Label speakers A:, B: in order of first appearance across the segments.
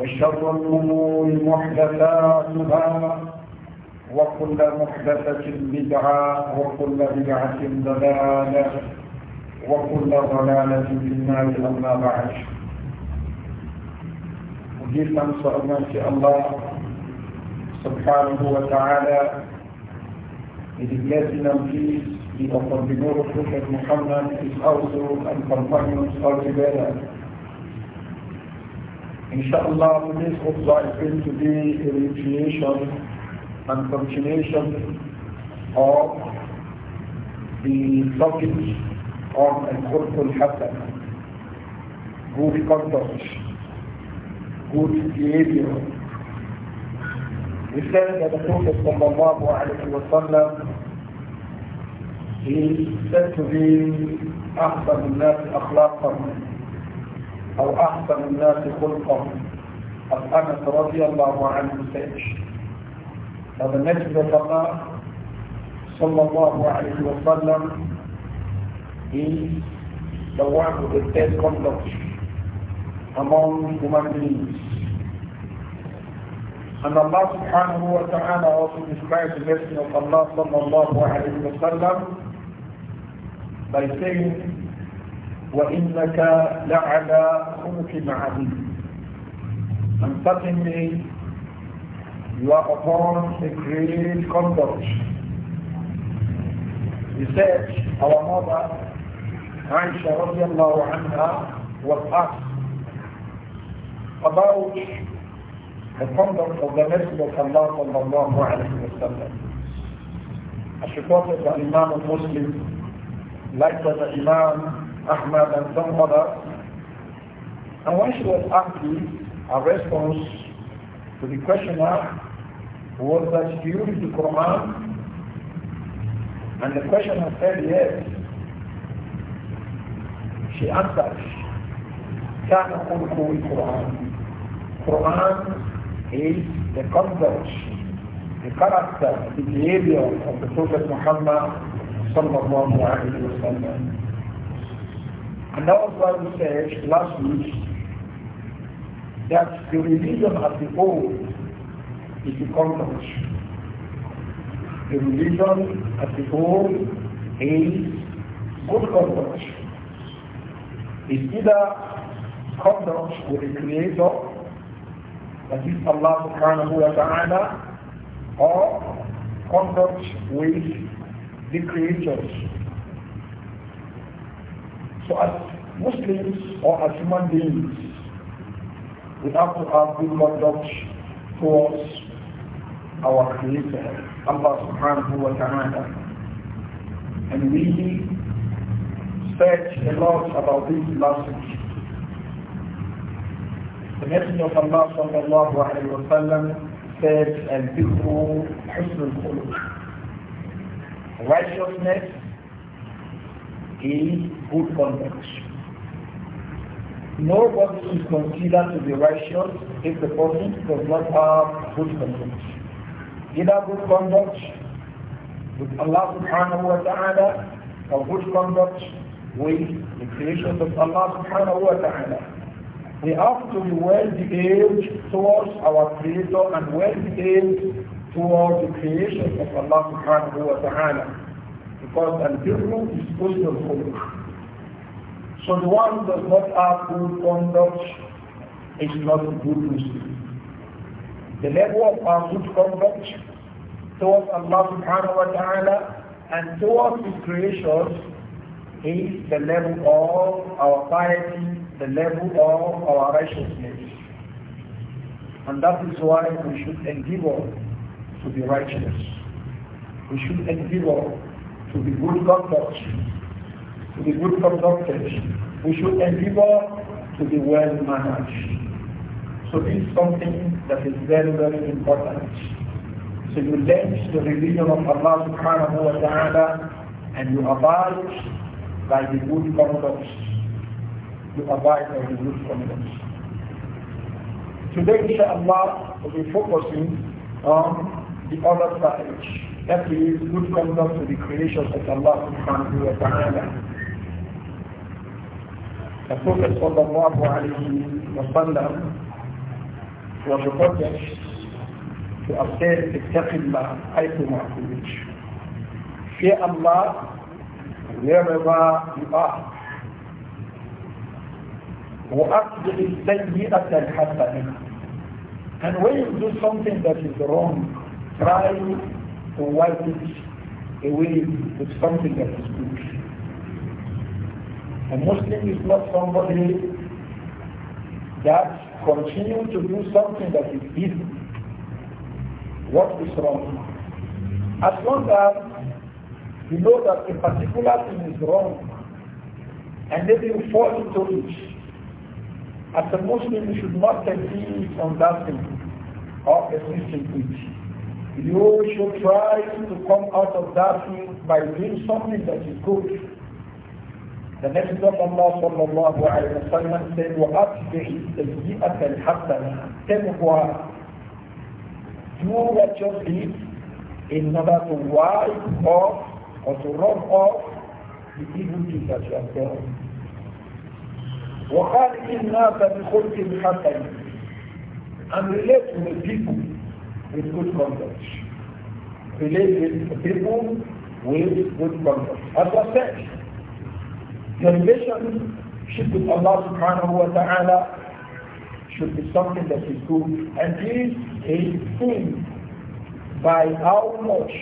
A: وشر الأمور محدثاتها وكل محدثة بدعة وكل بدعة ضلالة وكل ضلالة في النار أما بعد وجيت أن شاء الله سبحانه وتعالى لذكراتنا في قدموا رسول محمد is أن an companion of Inshallah, this khutbah is going to be a reiteration and continuation of the topic on Al-Qurq Al-Hasan, good conduct, good behavior. We said that the Prophet sallallahu alayhi wa sallam is said to be أحسن الناس أخلاقا أو أحسن الناس خلقا of Anas radiallahu anhu said that the Messenger of Allah sallallahu alayhi wa is the one with the best conduct among human beings. And Allah subhanahu wa ta'ala also describes the message of Allah sallallahu alayhi wa sallam by saying وإنك لعلى خلق عظيم And certainly you are upon a great conduct. He said, our mother, Aisha radiallahu anha, was asked about the conduct of the Messenger of Allah sallallahu alayhi wa sallam. As reported by Imam Muslim, like by the Imam Ahmad and some others. And when she was asked this, her response to the questioner was that she used the Quran and the questioner said yes. She answered, كان خلقه القرآن Quran is the conduct, the character, the behavior of the Prophet Muhammad sallallahu alayhi wa sallam. And that was why we said last week that the religion as a whole is the conference. The religion as a whole is good conduct. It's either conference with the Creator, that is Allah subhanahu wa ta'ala, or conference with the creatures so as Muslims or as human beings, we have to have good conduct towards our Creator, Allah subhanahu wa ta'ala. And we said a lot about this last week. The Messenger of Allah sallallahu alayhi wa sallam said, and people, Husn al Righteousness in good conduct. Nobody is considered to be righteous if the person does not have good conduct. Either good conduct with Allah subhanahu wa ta'ala or good conduct with the creations of Allah subhanahu wa ta'ala. We have to be well behaved towards our Creator and well behaved towards the creations of Allah subhanahu wa ta'ala. Because al is is husnul khuluq. So the one who does not have good conduct is not a good Muslim. The level of our good conduct towards Allah subhanahu wa ta'ala and towards his creations is the level of our piety, the level of our righteousness. And that is why we should endeavor to be righteous. We should endeavor to be good conductors, to be good conductors, We should endeavor to be well managed. So this is something that is very, very important. So you learn the religion of Allah subhanahu wa ta'ala and you abide by the good conduct. You abide by the good conduct. Today, inshallah, we'll be focusing on the other side that is good conduct to the creation of Allah subhanahu wa ta'ala. The Prophet sallallahu alayhi wa sallam was reported to have said, Ittaqillah, aytuma kulich. Fear Allah wherever you are. وأصدق السيئة الحسنة. And when you do something that is wrong, try to wipe it away with something that is good. A Muslim is not somebody that continues to do something that is evil. What is wrong? As long as you know that a particular thing is wrong, and then you fall into it, as a Muslim, you should not take on that thing or persist in it you should try to come out of that by doing something that is good. The next of Allah sallallahu alayhi wa sallam said, وَأَتْبِعِ السَّيِّئَةَ الْحَسَنَةَ تَمْهُوَا Do what you deed in order to wipe off or to rub off the evil deed that you have done. وَخَالِقِ النَّاسَ بِخُلْقٍ حَسَنٍ And relate to the people with good conduct. Relate with people with good conduct. As I said, the should be Allah subhanahu wa ta'ala should be something that is good. And this is seen by how much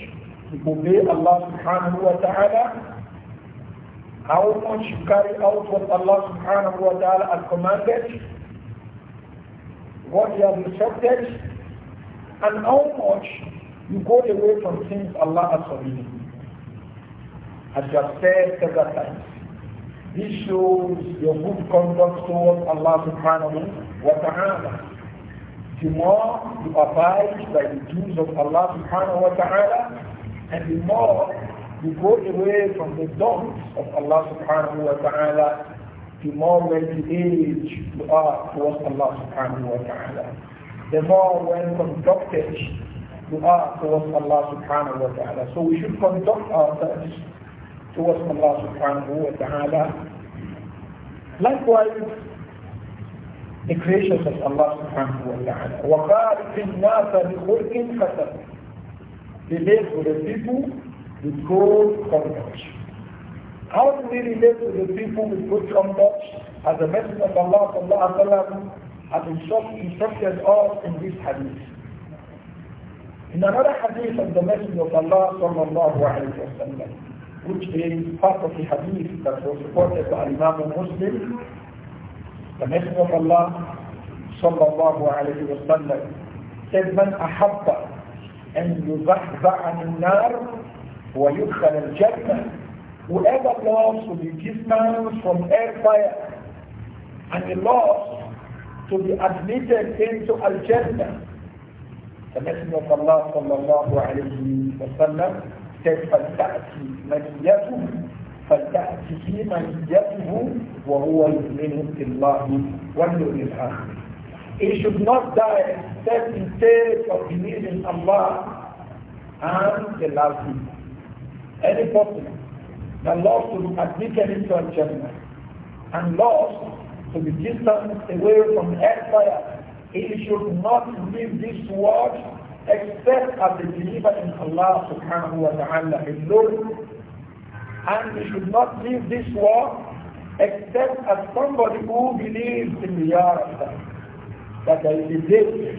A: you obey Allah subhanahu wa ta'ala, how much you carry out what Allah subhanahu wa ta'ala has commanded, what you have instructed, and how much you go away from things Allah has forbidden. As you have said several times, this shows your good conduct towards Allah subhanahu wa ta'ala. The more you abide by the dues of Allah subhanahu wa ta'ala, and the more you go away from the don'ts of Allah subhanahu wa ta'ala, the more ready age you are towards Allah subhanahu wa ta'ala the more well conducted you are towards Allah subhanahu wa ta'ala. So we should conduct ourselves towards Allah subhanahu wa ta'ala. Likewise, the creations of Allah subhanahu wa ta'ala. وَقَالِكِ النَّاسَ بِخُلْقٍ حَسَنٍ Relate to the people with good conduct. How do we relate to the people with good conduct? As a message of Allah sallallahu alayhi wa sallam have instructed us in this hadith. In another hadith of the Messenger of Allah sallallahu alayhi wa sallam, which is part of the hadith that was reported by Imam Muslim, the Messenger of Allah sallallahu alayhi wa sallam said, من أحب أن يزحزح عن النار ويدخل الجنة Whoever loves to be distanced from hellfire and he loves to be admitted into Al-Jannah. The Messenger of Allah sallallahu alayhi wa sallam said, فَلْتَأْتِ مَنْيَتُهُ فَلْتَأْتِهِ مَنْيَتُهُ وَهُوَ يُؤْمِنُ بِاللَّهِ وَالْيَوْمِ الْآخِرِ He should not die except in state of believing Allah and the last day. Any person that loves to be admitted into Al-Jannah and loves to be distant away from hellfire. He should not leave this world except as a believer in Allah subhanahu wa ta'ala alone. And he should not leave this world except as somebody who believes in the hereafter. That there is a day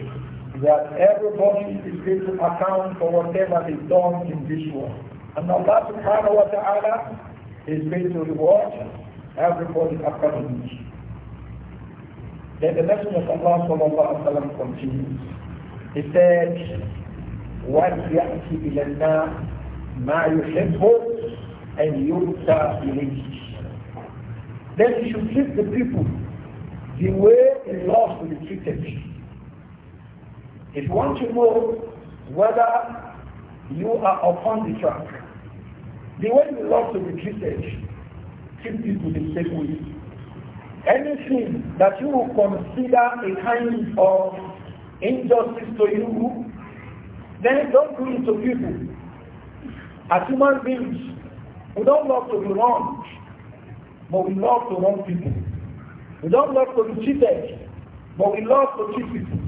A: that everybody is going to account for whatever they've done in this world. And Allah subhanahu wa ta'ala is going to reward everybody accordingly. That the Messenger of Allah sallallahu alaihi wasallam continues. He said, "What yati ilanna ma yuhibbu and yurta ilayhi." Then you should treat the people the way the lost will be treated. If you want to know whether you are upon the track, the way the lost will be treated, treat people the same way anything that you will consider a kind of injustice to you, then don't do it to people. As human beings, we don't love to be wrong, but we love to wrong people. We don't love to be cheated, but we love to cheat people.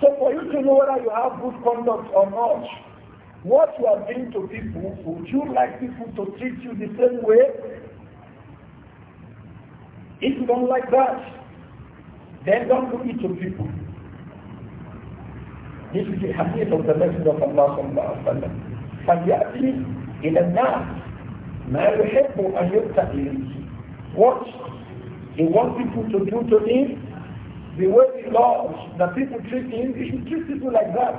A: So for you to know whether you have good conduct or not, what you are doing to people, would you like people to treat you the same way? If you don't like that, then don't do it to people. This is the hadith of the Messenger of Allah sallallahu alaihi wasallam. فَلْيَأْتِي إِلَى النَّاسِ مَا يُحِبُّ أَنْ يُؤْتَى إِلَيْهِ What he wants people to do to him, the way he loves, the people treat him, he should treat people like that.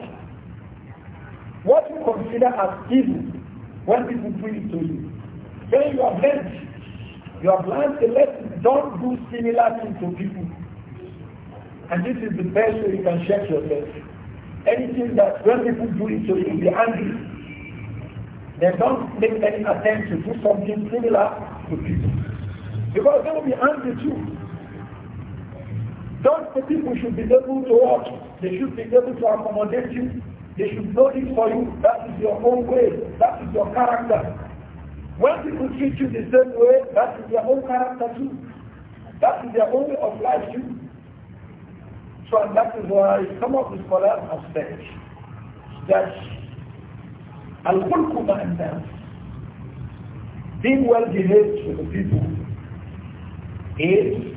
A: What you consider as evil, when people do it to you, then you are blessed. You have learned a lesson. Don't do similar things to people. And this is the best way you can check yourself. Anything that when people do it to you'll be angry. They don't make any attempt to do something similar to people. Because they will be angry too. Don't the people should be able to watch. They should be able to accommodate you. They should know it for you. That is your own way. That is your character. When people treat you the same way, that is their own character too. That is their own way of life too. So and that is why some of the scholars have said that Al-Qurqum and that being well behaved to the people is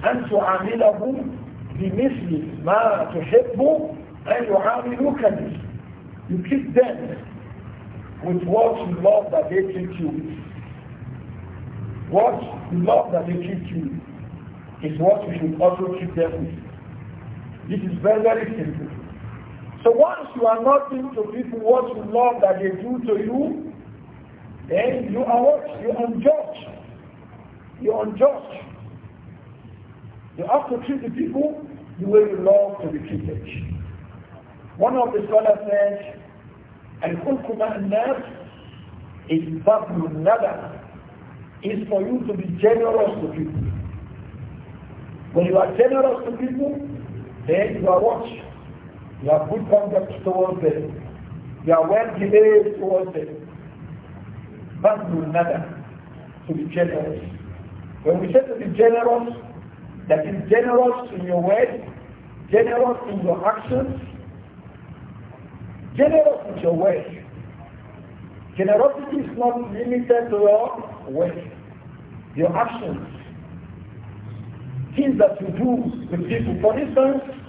A: أن تعاملهم بمثل ما تحب أن يعاملوك به. You keep them with what you love that they treat you What you love that they treat you is what you should also treat them with. This is very, very simple. So once you are not doing to people what you love that they do to you, then you are what? You are unjust. You are unjust. You have to treat the people the way you love to be treated. One of the scholars said, الخلق مع الناس is بذل الندى is for you to be generous to people. When you are generous to people, then you are what? You have good conduct towards them. You are well behaved towards them. بذل الندى to be generous. When we say to be generous, that is generous in your words, generous in your actions, Generous with your wealth. Generosity is not limited to your wealth, your actions, things that you do with people. For instance,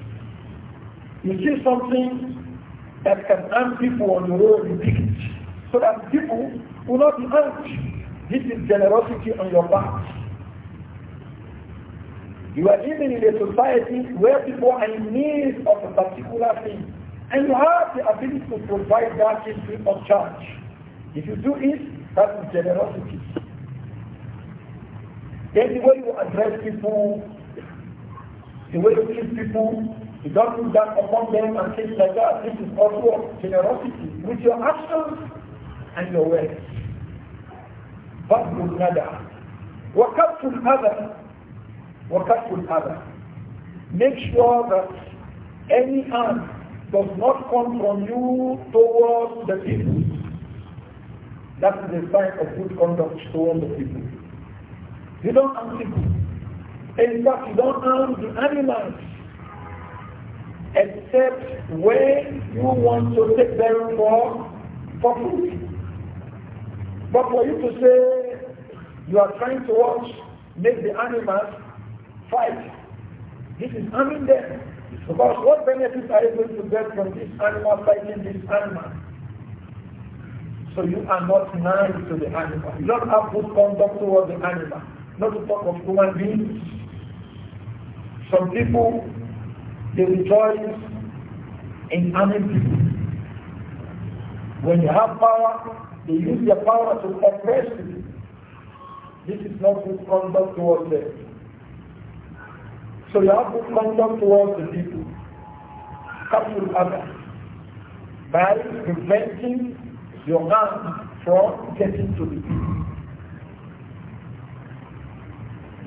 A: you see something that can harm people on the road, you pick it, so that people will not be harmed. This is generosity on your part. You are living in a society where people are in need of a particular thing. And you have the ability to provide that free of charge. If you do it, that is generosity. Then the way you address people, the way you treat people, you don't do that upon them and things like that. This is also generosity with your actions and your words. with الندى Work up with other. make sure that any harm does not come from you towards the people. That is a sign of good conduct towards the people. You don't harm people. In fact, you don't harm the animals except when you want to take them for, for food. But for you to say you are trying to watch, make the animals fight, this is harming them. Because what benefits are you going to get from this animal fighting this animal? So you are not nice to the animal. You don't have good conduct towards the animal. Not to talk of human beings. Some people, they rejoice in animal. people. When they have power, they use their power to oppress you. This is not good conduct towards them. So you have come conduct towards the people. Capture others by preventing your hand from getting to the people.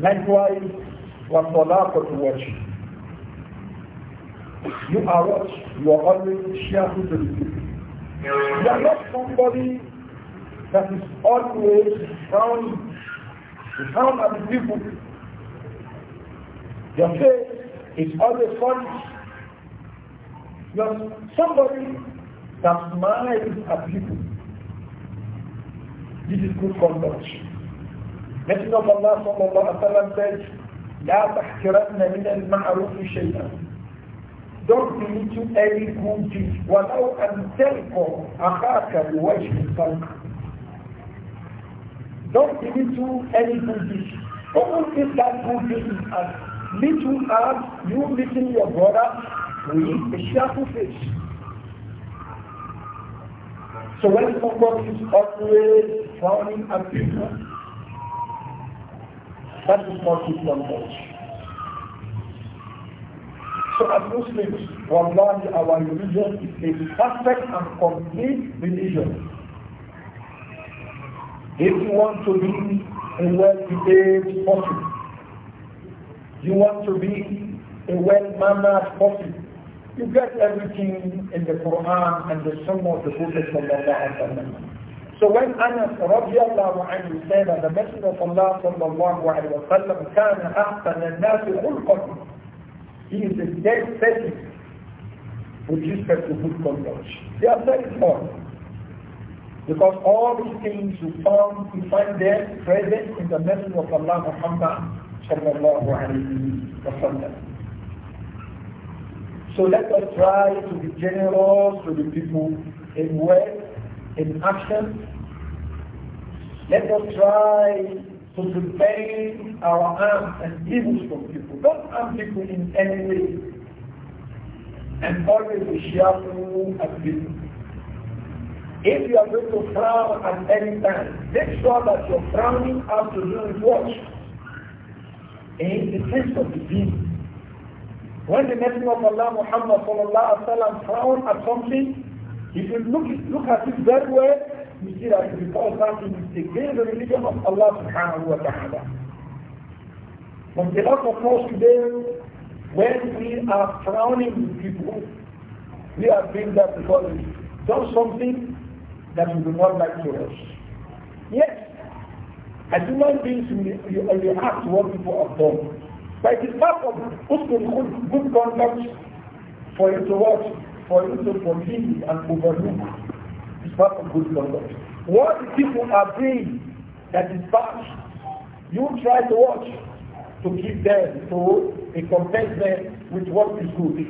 A: Likewise, what Salako to watch. You are what? You are always sharing to the people. You are not somebody that is always frowning. You frown at the people your faith is always solid. you somebody that smiles at people. This is good conduct. Messenger of Allah sallallahu alaihi wasallam said, لا تحقرن من المعروف شيئا don't to any good deed ولو أن تلقى أخاك بوجه الطلق don't to any good deed even if that good deed is Little as you meeting your brother with a sharp fish. So when someone is always frowning at people, that is not Islam much. So as Muslims, Wallahi, our religion is a perfect and complete religion. If you want to be a well-behaved person, you want to be a well-mannered person. You get everything in the Quran and the Sunnah of the Prophet sallallahu alaihi wasallam. So when Anas radiallahu anhu said that the Messenger of Allah sallallahu alayhi wa sallam كان أحسن الناس خلقا He is a dead person with respect to good conduct. They are very small. Because all these things you find, you find them present in the Messenger of Allah Muhammad صلى الله عليه وسلم. So let us try to be generous to the people in words, in action. Let us try to prevent our acts and to from people. Don't harm people in any way. And always be cheerful at people. If you are going to frown at any time, make sure that your frowning has to do with what? in eh, the sense of the deen. When the Messenger of Allah Muhammad sallallahu alaihi wasallam frowned at something, if you look, look at it that way, you see that because that is in the religion of Allah subhanahu wa ta'ala. But the lot of us today, when we are frowning with people, we are doing that because we something that we do not like to us. Yes, as human beings, we, we, react to what people have done. But it is part of good conduct for you to watch, for you to forgive and overlook. It's part of good conduct. What the people are doing that is bad, you try to watch to give them, to compensate them with what is good.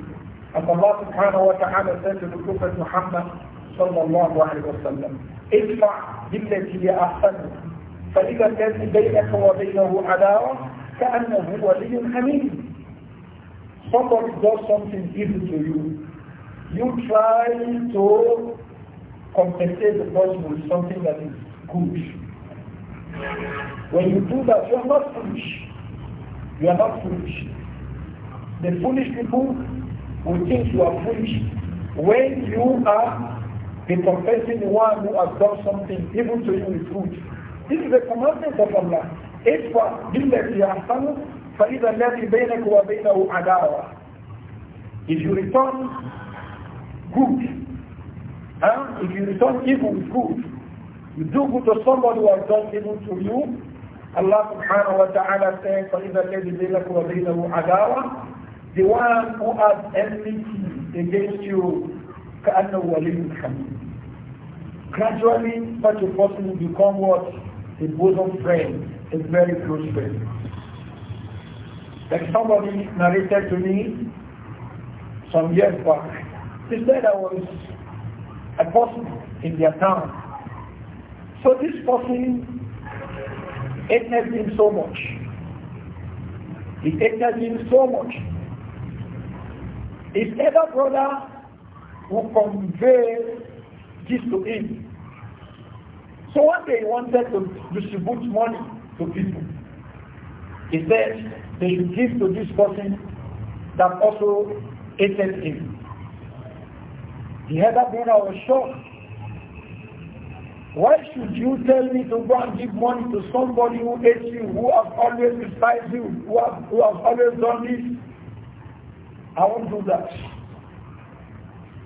A: As Allah subhanahu wa ta'ala said to the Prophet Muhammad sallallahu alayhi wa sallam, ادفع بالتي هي أحسن فإذا كان بينك وبينه عداوة كأنه ولي حميم Somebody does something evil to you. You try to compensate the person with something that is good. When you do that, you are not foolish. You are not foolish. The foolish people will think you are foolish when you are the compensating one who has done something evil to you with good. This is a commandment of Allah. ادفع بالذي يحسن فإذا الذي بينك وبينه عداوة. If you return good, huh? if you return evil good, you do good to somebody who has done evil to you, Allah subhanahu wa ta'ala says, فَإِذَا الَّذِي بَيْنَكُ وَبَيْنَهُ عَدَاوَةٌ The one who has enmity against you, كَأَنَّهُ وَلِيٌّ حَمِيدٌ Gradually, such a person will become what? a bosom friend, a very close friend. Like somebody narrated to me some years back. He said I was a person in their town. So this person hated him so much. He hated him so much. His elder brother who conveyed this to him so one day he wanted to distribute money to people. He said they should give to this person that also hated him. The other brother was shocked. Why should you tell me to go and give money to somebody who hates you, who has always despised you, who has, who has always done this? I won't do that.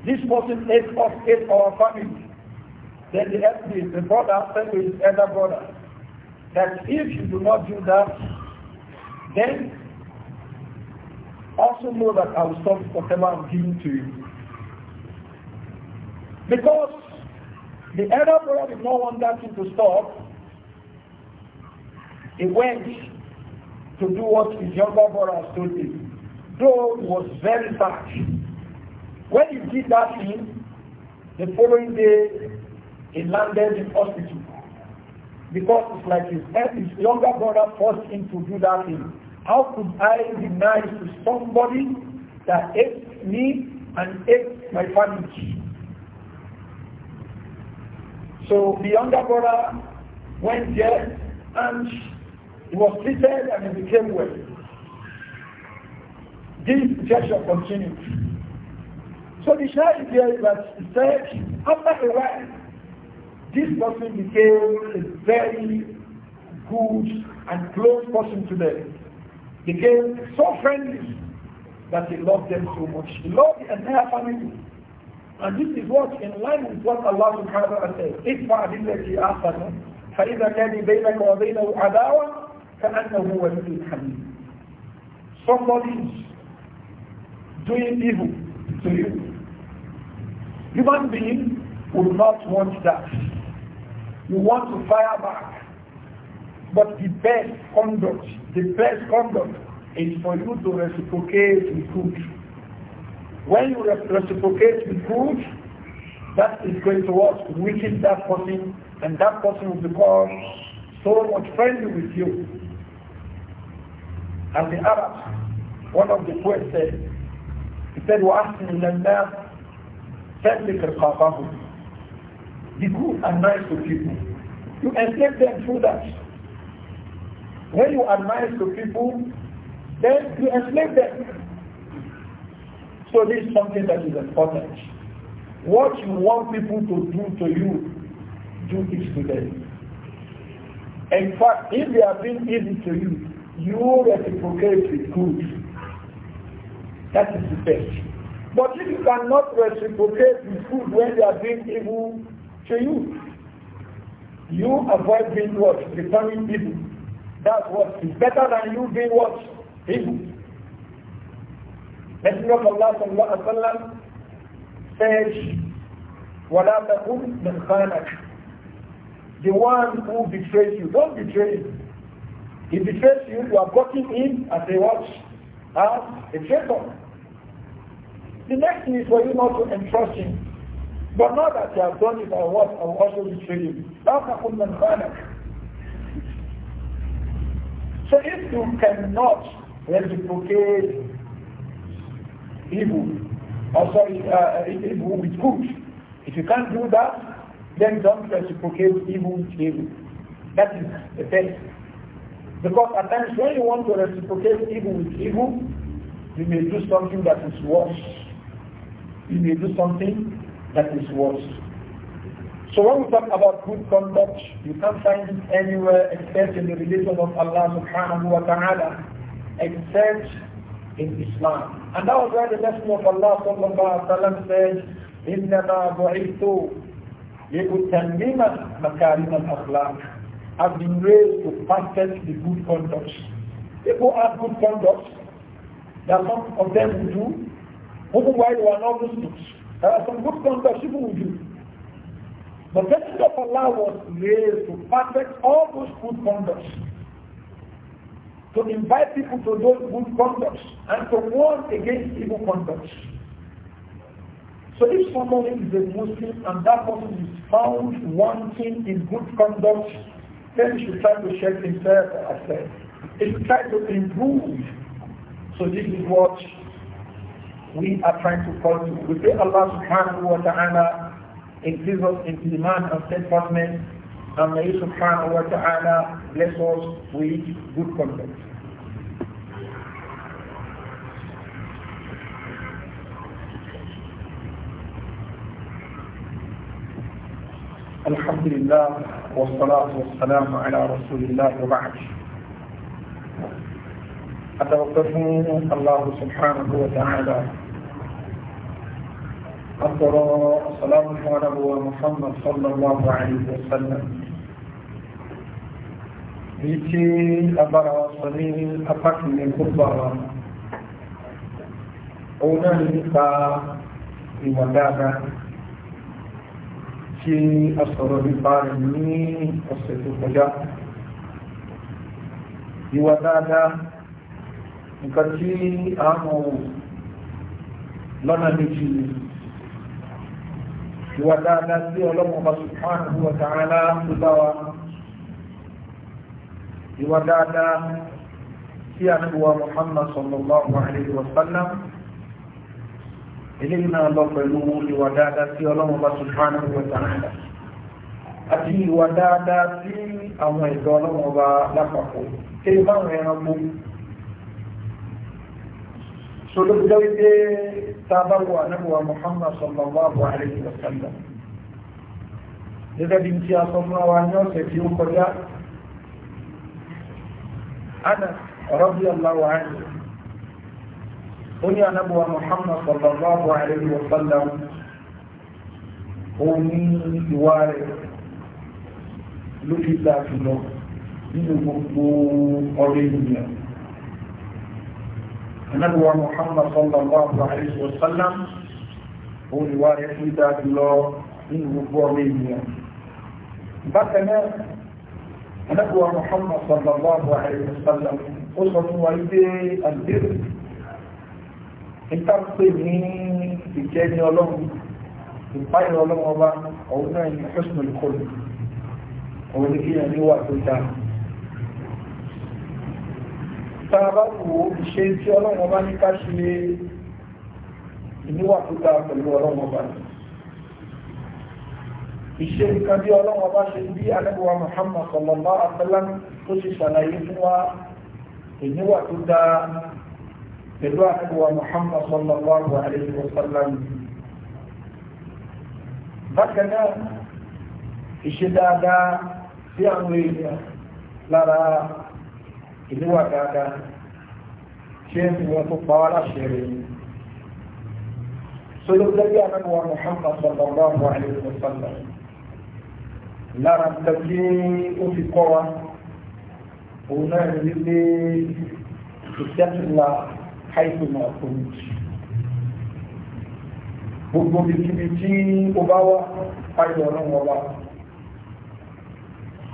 A: This person hates us, hates our family. Then the FD, the brother, same to his elder brother, that if you do not do that, then also know that I will stop whatever I'm giving to you. Because the elder brother did not want that thing to stop. He went to do what his younger brother told him. Though he was very sad. When he did that thing, the following day he landed in hospital because it's like his, his younger brother forced him to do that thing. How could I be nice to somebody that ate me and ate my family? So the younger brother went there and he was treated and he became well. This gesture continued. So the child here that said, after a while, this person became a very good and close person to them. Became so friendly that he loved them so much. He loved the entire family. And this is what in line with what Allah subhanahu wa ta'ala says. ادفع بالتي فاذا كان بينك وبينه عداوه كانه ولي Somebody is doing evil to you. Human being would not want that you want to fire back. But the best conduct, the best conduct is for you to reciprocate with good. When you reciprocate with good, that is going to what? Weaken that person and that person will become so much friendly with you. As the Arabs, one of the poets said, he said, وَأَحْسِنِ لَلنَّاسِ تَمْلِكْ رِقَاقَهُمْ be good and nice to people. You escape them through that. When you are nice to people, then you enslave them. So this is something that is important. What you want people to do to you, do it to them. In fact, if they have been evil to you, you reciprocate with good. That is the best. But if you cannot reciprocate with good when they are being evil to you. You avoid being what? Becoming evil. That's what is better than you being what? Evil. Messenger of Allah sallallahu alaihi wasallam says, وَلَا تَكُنْ مَنْ The one who betrays you, don't betray him. He betrays you, you are putting him as a watch, as a traitor. The next thing is for you not to entrust him. But now that you have done it, I want, I will also betray you. So if you cannot reciprocate evil, or sorry, uh, uh, evil with good, if you can't do that, then don't reciprocate evil with evil. That is the best. Because at times when you want to reciprocate evil with evil, you may do something that is worse. You may do something that is what. So when we talk about good conduct, you can't find it anywhere except in the religion of Allah subhanahu wa ta'ala, except in Islam. And that was why the lesson of Allah sallallahu alayhi wa sallam said, إِنَّمَا بُعِثْتُ لِأُتَمِّمَ مَكَارِمَ الْأَخْلَاقِ I've been raised to perfect the good conduct. People have good conduct are some of them do, even while they are not Muslims. There are some good conduct people will do. The message of Allah was raised to perfect all those good conducts, to invite people to those good conducts, and to warn against evil conducts. So if someone is a Muslim and that person is found wanting in good conduct, then he should try to check himself I said, He should try to improve. So this is what we are trying to fall to. We say Allah subhanahu wa ta'ala increase us in iman and steadfastness and may subhanahu wa ta'ala bless us with good conduct. الحمد لله والصلاة والسلام على رسول الله وبعد أتوقفون الله سبحانه وتعالى أفضل الصلاة على محمد صلى الله عليه وسلم bíkí agbára wa sọ ní apákìlẹ̀ gbogbo àwọn òun náà nípa ìwà dáadáa tí a sọ̀rọ̀ nípa rẹ̀ ní ọ̀sẹ̀ tó kọjá ìwà dáadáa nǹkan tí a mọ̀ lọ́nà méjì yìí ìwà dáadáa sí ọlọ́mọba subhanahu wa ta'ala tó bá wa ìwà dáadáa sí àdúgbò muhammad sallallahu alayhi wa sallam eléyìí náà lọ pẹ̀lú ìwà dáadáa sí ọlọ́mọba subhanahu wa ta'ala àti ìwà dáadáa sí àwọn ìjọ ọlọ́mọba lápapọ̀ kí báwọn ẹranko sọlọ bí dáwí pé tábà wọ anábùwà Muhammad sallallahu alayhi wa sallam gẹ́gẹ́ bí tí a sọ fún wa ní ọ̀sẹ̀ tí ó kọjá ana radiyallahu anhu ó ní anábùwà Muhammad sallallahu alayhi wa sallam ìwà rẹ̀ ló fi dáa jùlọ nínú gbogbo ọ̀rẹ́ ènìyàn anábíwá Muhammad sallallahu alayhi wa sallam olùwà rẹ̀ fi dáa jùlọ nínú gbogbo ọmọ ènìyàn bákan náà anábíwá Muhammad sallallahu alayhi wa sallam ó sọ fún wa ilé àdéhùn ìtàpé ní ìjẹni ọlọ́run ìpáyà ọlọ́run ọba òun náà ní husnul khuluq òun ní kí ẹni wà tó dáa tá a bá wò ó ṣe tí ọlọ́run ọba ní ká ṣe ìníwà tó dáa pẹ̀lú ọlọ́run ọba ní ìṣe nǹkan bí ọlọ́run ọba ṣe bí alẹ́bùwà Muhammad sallallahu alaihi wasallam tó ṣe ṣàlàyé fún wa ìníwà tó dáa pẹ̀lú alẹ́bùwà Muhammad sallallahu alaihi wasallam bákan náà ìṣe dáadáa sí àwọn èèyàn lára ìlú wà dáadáa ṣé ń fi wọn tó pa wá láṣẹ rẹ̀ yìí sódò lẹ́yìn anáwó Muhammad sallallahu alayhi wa sallam lára tàbí ó fi kọ́ wa òun náà ní wípé ìṣẹ́tìlá haifuna ọkùnrin gbogbo ibikíbi tí ó bá wá ayọ̀ ọ̀rọ̀ wọn wá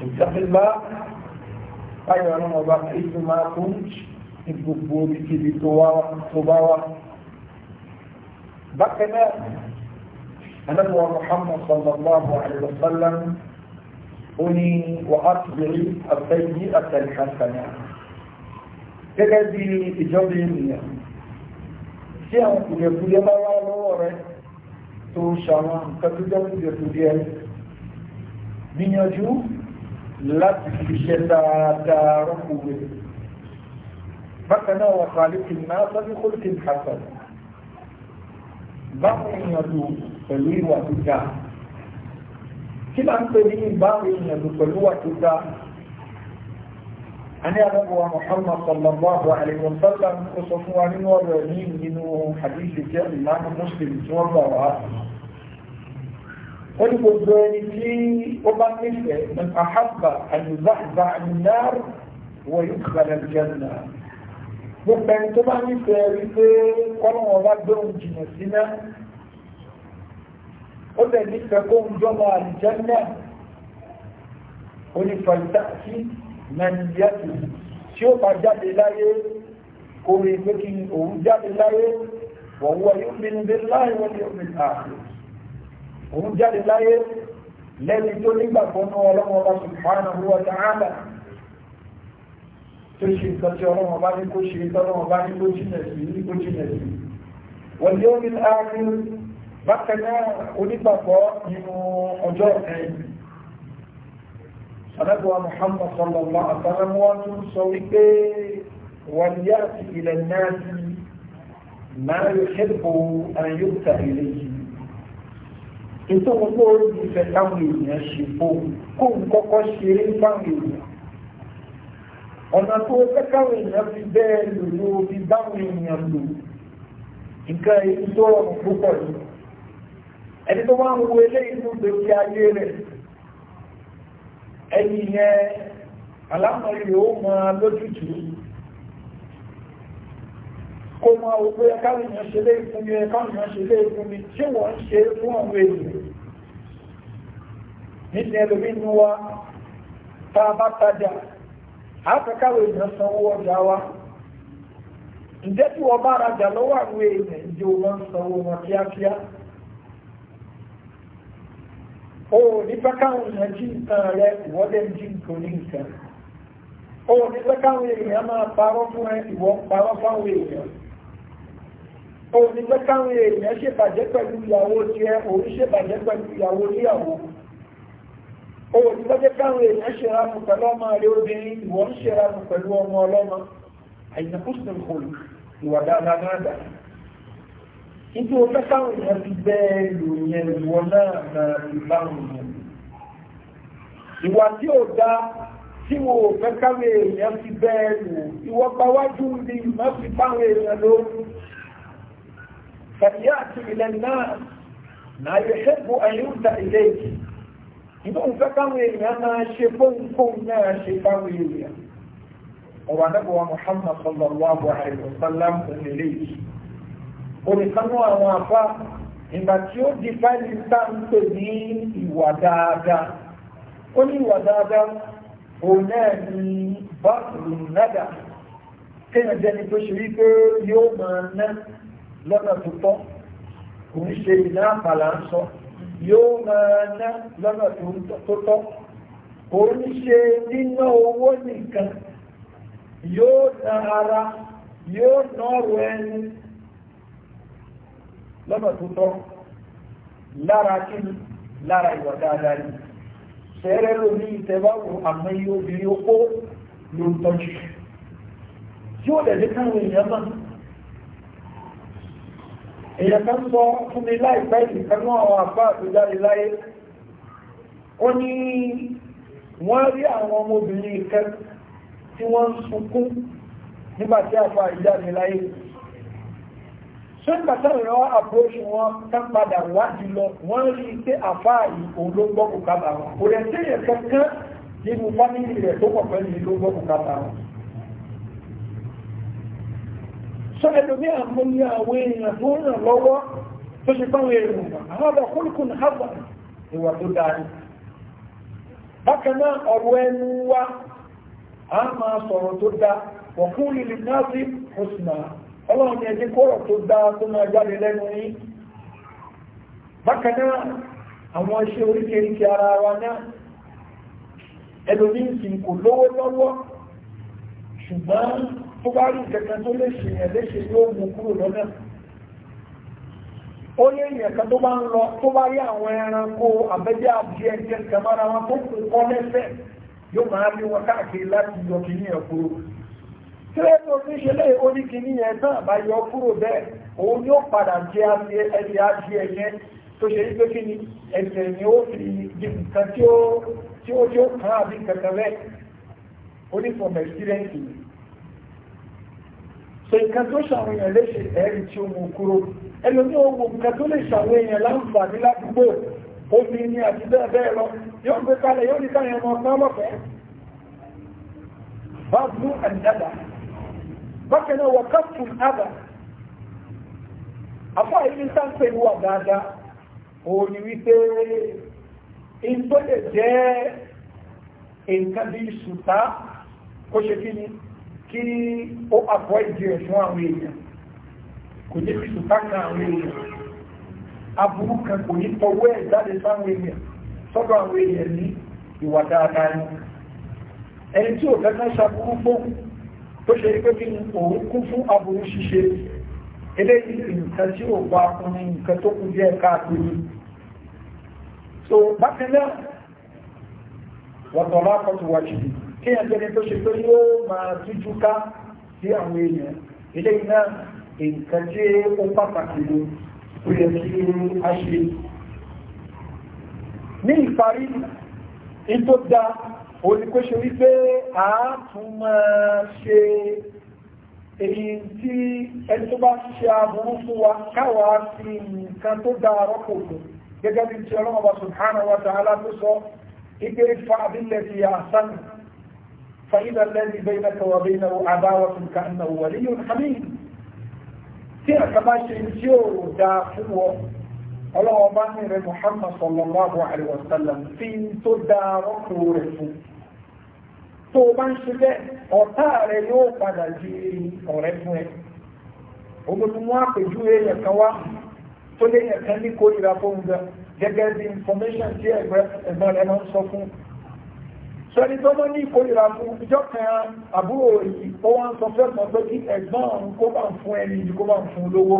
A: ìṣẹ́tìlá báyọ̀ ọlọ́run ọba kristu máa kún ní gbogbo ibikíbi tó bá wá bákan náà anábọ̀ muhammad sallallahu alayhi wa sallam ó ní wàhátìbìrì àtẹ̀yí àtẹ̀lẹ́kàtàná gẹ́gẹ́ bí ìjọba ènìyàn tí àwọn kùdẹ̀kùdẹ̀ bá wá lọ́wọ́ rẹ̀ tó ṣàwọn nǹkan gbìyànjú láti fi ṣe dáadáa rọ́pò rẹ̀ bákan náà wà kàlíkì náà sọ́bí kòlíkì hasan báwọn èèyàn lò pẹ̀lú ìwà tó ń pè ní báwọn èèyàn lò pẹ̀lú ìwà tó dáa عن أبو محمد صلى الله عليه وسلم وصفوا عنه ورنين منه حديث كان الإمام مسلم توضع wọ́n ní gbogbo ẹni tí ó bá nífẹ̀ẹ́ ní àhábà àyùbáàbá àyùnáàrù wọ ìkàlẹ̀ jẹ́nà gbogbo ẹni tó bá nífẹ̀ẹ́ rí pé kọ́lọ́wọ́n bá gbóhùn jìnnà síná ó bẹ̀ nífẹ̀ẹ́ kóhùn jọmọ àlìjẹ́nà onífàlítà sí nàìjíríà tí ó bá jáde láyé kò rí pé kí òun jáde láyé wọ̀wọ́ yóò bí níbi wọ́n yóò bí láàrín òun jáde láyé lẹ́ni tó nígbàgbọ́ náà ọlọ́run ọba subhanahu wa ta'ala tó ṣe nǹkan tí ọlọ́run ọba ní kó ṣe tọ́lọ́run ọba ní kó jìnà sí ní kó jìnà sí wọ́n yóò ní láàrin bákan náà nínú ọjọ́ ẹ̀yìn ètò gbogbo orí ìfẹ́ táwọn èèyàn ṣe fóun kóun kọ́kọ́ ṣeré fáwọn èèyàn ọ̀nà tó fẹ́ káwọn èèyàn fi bẹ́ẹ̀ lò ló fi báwọn èèyàn lò nǹkan èyí tó rọrùn púpọ̀ yìí ẹni tó máa ń wo eléyìí tó gbé ayé rẹ̀ ẹni yẹn ó lójútùú kó mọ òpé ẹkáwìyàn ṣe lé fún mi ẹkáwìyàn ṣe lé fún mi tí wọ́n ń ṣe fún àwọn èèyàn nítorí ẹlòmí nu wa tá bá tajà àfẹ́káwé èèyàn sanwó ọjà wa ǹjẹ́ tí wọ́n bá lọ́wọ́ àwọn èèyàn ìjọ wọn wọn kíákíá o jí nǹkan rẹ jí nǹkan ní nǹkan o máa parọ́ fún ẹ òun ni pé káwọn èèyàn ṣèbàjẹ́ pẹ̀lú ìyàwó tiẹ̀ òun ṣèbàjẹ́ pẹ̀lú ìyàwó níyàwó òun ni pé káwọn èèyàn ṣèrànù pẹ̀lú ọmọ rẹ obìnrin ìwọ ń ṣèrànù pẹ̀lú ọmọ ọlọ́mọ àìsàkóṣùn kòlù ìwà dáadáa náà dà nítorí o fẹ́ káwọn èèyàn fi bẹ́ẹ̀ lò yẹn ìwọ náà náà fi báwọn yẹn ìwà tí ò dáa tí wọn ò fẹ́ káwọn èèyàn fi bẹ́ẹ̀ lò ìwọ فليأتي إلى الناس ما يحب أن يؤتى إليه inú fẹ́ káwọn èèyàn máa ṣe fóńfóń náà ṣe káwọn èèyàn ọ̀rọ̀ anábọ̀wá Muhammad sallallahu alayhi wa sallam òmìnira yìí olùkánú àwọn afá ìgbà tí ó di fáìlì sáńpẹ̀ ní ìwà dáadáa ó ní ìwà dáadáa òun náà ní báàlù nàdà kéèyàn jẹ́ni tó ṣe wípé yóò máa ná lọ́nà tó tọ́ kò ń ṣe iná àpàlà ń sọ yóò máa ná lọ́nà tó tọ́ kò ń ṣe níná owó nìkan yóò na ara yóò ná ọ̀rọ̀ ẹni lọ́nà tó tọ́ lára kí ni lára ìwà dáadáa ni ṣẹ́rẹ́ lómi ìtẹ́wáwò àmọ́ iye obìnrin opó ló ń tọ́jú yóò lẹ̀ káwọn èèyàn máa èyàn kan sọ fún mi láìpẹ́ ìkanú àwọn àpá àtújáde láyé ó ní wọ́n rí àwọn ọmọbìnrin kan tí wọ́n ń sunkún nígbà tí àpá ìjáde láyé sọ́nà táwọn àpòṣù wọn tán padà wájú lọ wọ́n rí pé àfá ìkòó ló gbọ́ wọn kò rẹ̀ sí èyàn kankan nínú fámìlì rẹ̀ tó pọ̀ pẹ̀lú ìlú wọn sọ ẹlòmí àmúlé àwọn èèyàn tó ràn lọ́wọ́ tó ṣe fáwọn èèyàn àwọn ọ̀dọ̀ kúlùkùn hábà ìwà tó dáa bákan náà ọ̀rọ̀ ẹnu wa a máa sọ̀rọ̀ tó dáa wọ̀ lílì náà sí ọlọ́run ni ẹni kọ́rọ̀ tó dáa tó máa jáde lẹ́nu yín bákan náà àwọn iṣẹ́ ara wa náà ẹlòmí kò lówó tó bá rí kẹ̀kẹ́ tó lè ṣe yẹn léṣe yóò mú kúrò lọ́nà ó lé yẹn kan tó bá ń lọ tó bá rí àwọn ẹranko àbẹ́jẹ́ àbí ẹ̀jẹ̀ kẹmọ́ra wọn tó kù kọ́ lẹ́sẹ̀ yóò máa rí wọn káàkiri láti yọ kìíní ẹ̀ kúrò tílé tó ti ṣe lé oníkìíní yẹn náà bá yọ kúrò bẹ́ẹ̀ òun yóò padà jẹ ẹni àti ẹ̀yẹn tó ṣe wípé kí ni ẹ̀sẹ̀ ni ó fi di nǹkan tí ó tí ó kàn ábí kankan rẹ̀ ó ní from yìí so nǹkan tó ṣàwọn èèyàn léṣe ẹ̀rí tí ó mú kúrò ẹlòmí ó mú nǹkan tó lè ṣàwọn èèyàn láǹfààní ládùúgbò omi ni àti bẹ́ẹ̀ bẹ́ẹ̀ lọ yóò gbé kalẹ̀ yóò ní káyẹ̀ ọmọ ọmọ ọlọ́fẹ́ bá bú àdìdàdà ṣe kí ni kí ó avoid ẹ̀ fún àwọn èèyàn kò ní fi sùtákà àwọn èèyàn aburú kan kò ní tọwọ́ ẹ̀ jáde sáwọn èèyàn sọ́dọ̀ àwọn èèyàn ní ìwà dáadáa ni ẹni tí ò fẹ́ẹ́ ṣàbúrú gbóhùn tó ṣe pé kí òun kún fún aburú ṣíṣe eléyìí nǹkan tí ò gba ọkùnrin nǹkan tó kù díẹ̀ káàkiri so bákan náà wọ́n tọ̀ lápọ̀tù wájú yìí kí ẹgbẹ́ni tó ṣe pé yóò máa tújú ká sí àwọn èèyàn ilé iná nǹkan tí ó pàtàkì ló ó yẹ kí a ṣe ní ìparí ìtò da olùkóṣe wípé a tún máa ṣe èyí tí ẹni tó bá ṣe aburú fún wa káwàá sí nǹkan tó da rọ́pò fún gẹ́gẹ́ bí ti ọlọ́mọba subhanahu wa ta'ala tó sọ ìgbé fa abilẹ̀ ti àṣánù فإذا الذي بينك وبينه عداوة كأنه ولي حميد tí àkàbá ṣe tí ó dáa fún ọ ọlọ́wọ́ bá ní rẹ Muhammad sallallahu alaihi wa sallam fi tó dáa rọ́pò rẹ̀ fún o bá ń ṣe bẹ́ẹ̀ rẹ yóò padà di ọ̀rẹ́ fún ẹ olùdùnmú àpèjú èèyàn kan wá tó lé èèyàn kan ní kórìíra fóun gan bí information tí ẹ̀gbọ́n rẹ máa ń sọ fún sọ́ni tó mọ́ ní ìkórìíra fún ìjọ kan àbúrò yìí ó wá ń sọ fẹ́ mọ́ pé kí ẹ̀gbọ́n òun kó bá ń fún ẹni kó bá ń fún lówó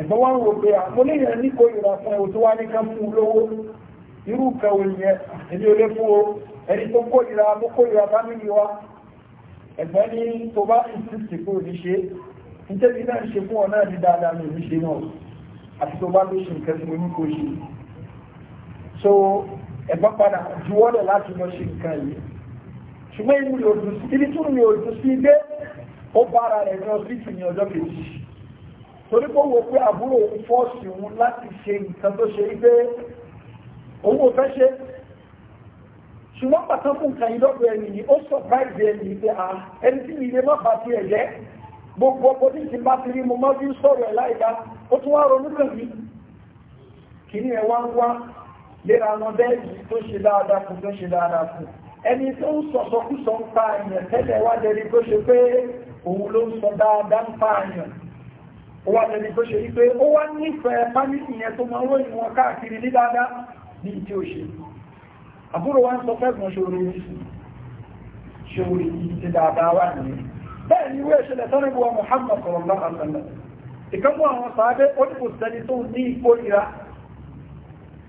A: ẹ̀gbọ́n wá ń rò pé àwọn oníyàn ní ìkórìíra fún ẹ̀wò tó wá ní ká fún lówó irú kẹwò yẹn èmi ò fún o ẹni tó kórìíra tó kórìíra bá mi wá ẹ̀gbọ́n ní tó bá ìsìsì kó ní ṣe nítorí náà ṣe fún ọ náà ní dáadáa ní ìṣe náà àti tó bá ló nǹkan tí mo ní kó ṣe ẹ̀gbọ́n padà juwọ́lẹ̀ láti lọ ṣe nǹkan yìí ṣùgbọ́n inú mi ò dùn sí ibi tún mi ò dùn sí ilé ó bára rẹ̀ ní ọsibítù ní ọjọ́ kejì torí pé wo pé àbúrò òun fọ́ọ̀sì òun láti ṣe nǹkan tó ṣe pé owó fẹ́ ṣe ṣùgbọ́n pàtàkì fún nǹkan yìí lọ́dọ̀ ẹni yìí ó sọ̀práìsì ẹni yìí pé ẹni tí mi lè má bá ti ẹ̀jẹ̀ gbogbo ọkọ̀ tí ti bá ti rí mo má fi ń sọ̀rọ̀ ẹ̀ láìka ó tún wá ronú kàn mí kì ní ẹ̀ wá ń wá léra wọn bẹ́ẹ̀ yìí tó ṣe dáadáa fún tó ṣe dáadáa fún ẹni tó ń sọ̀sọ́kúsọ ń pa àyàn tẹ́lẹ̀ wá lẹ́rí tó ṣe pé òun ló ń sọ dáadáa ń pa àyàn ó wá lẹ́rí tó ṣe rí pé ó wá nífẹ̀ẹ́ pánìkì yẹn tó máa ròyìn wọn káàkiri ní dáadáa ní tí ó ṣe àbúrò wa ń sọ fẹ́gbọ̀n ṣòro yìí ṣòro yìí ti dáadáa wà nìyẹn bẹ́ẹ̀ ni ìwé ìṣẹ̀lẹ̀ tọ́lẹ̀ bu wa Muhammad sọ̀rọ̀ lọ́kàtàlẹ̀ ìkánmọ́ àwọn sàábẹ́ ó ní kò sẹ́ni tó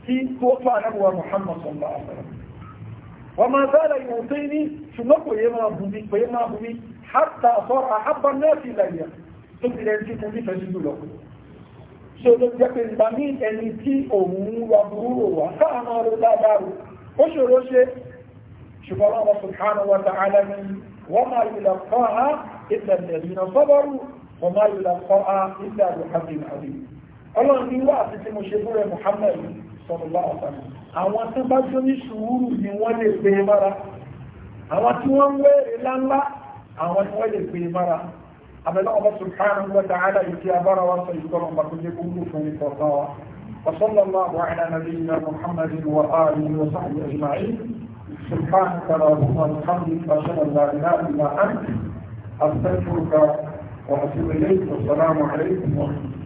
A: tí tó fà náwà Muhammad sallallahu alaihi wasallam wa ma zala yu'tini ṣùgbọ́n kò yẹ máa bùnmi kò yẹ máa bùnmi hatta sara ahabba an-nasi ilayya tó ti rẹ̀ tí mo nífẹ̀ẹ́ sí jùlọ ṣe ló jẹ́ pé ìgbà ní ẹni tí òun wà burú wà káà máa ro dáadáa rò ó ṣòro ṣe ṣùgbọ́n wọn subhanahu wa ta'ala ni wọ́n máa yulaqaha illa alladhina sabaru wọ́n máa yulaqaha illa bi haqqin 'azim ọlọ́run ní wá àti tí mo ṣe fún rẹ̀ Muhammad sọ̀rọ̀lá ọ̀sán àwọn tó bá tó ní sùúrù ni wọ́n lè pè é e mára àwọn tí wọ́n ń wéèrè e láńlá àwọn ni wọ́n lè pè é e mára abẹ́lẹ́ ọba subhanahu wa ta'ala ìtì abára wa sọ ìgbọ́n ọba tó jẹ́ kúrú fún ìtọ̀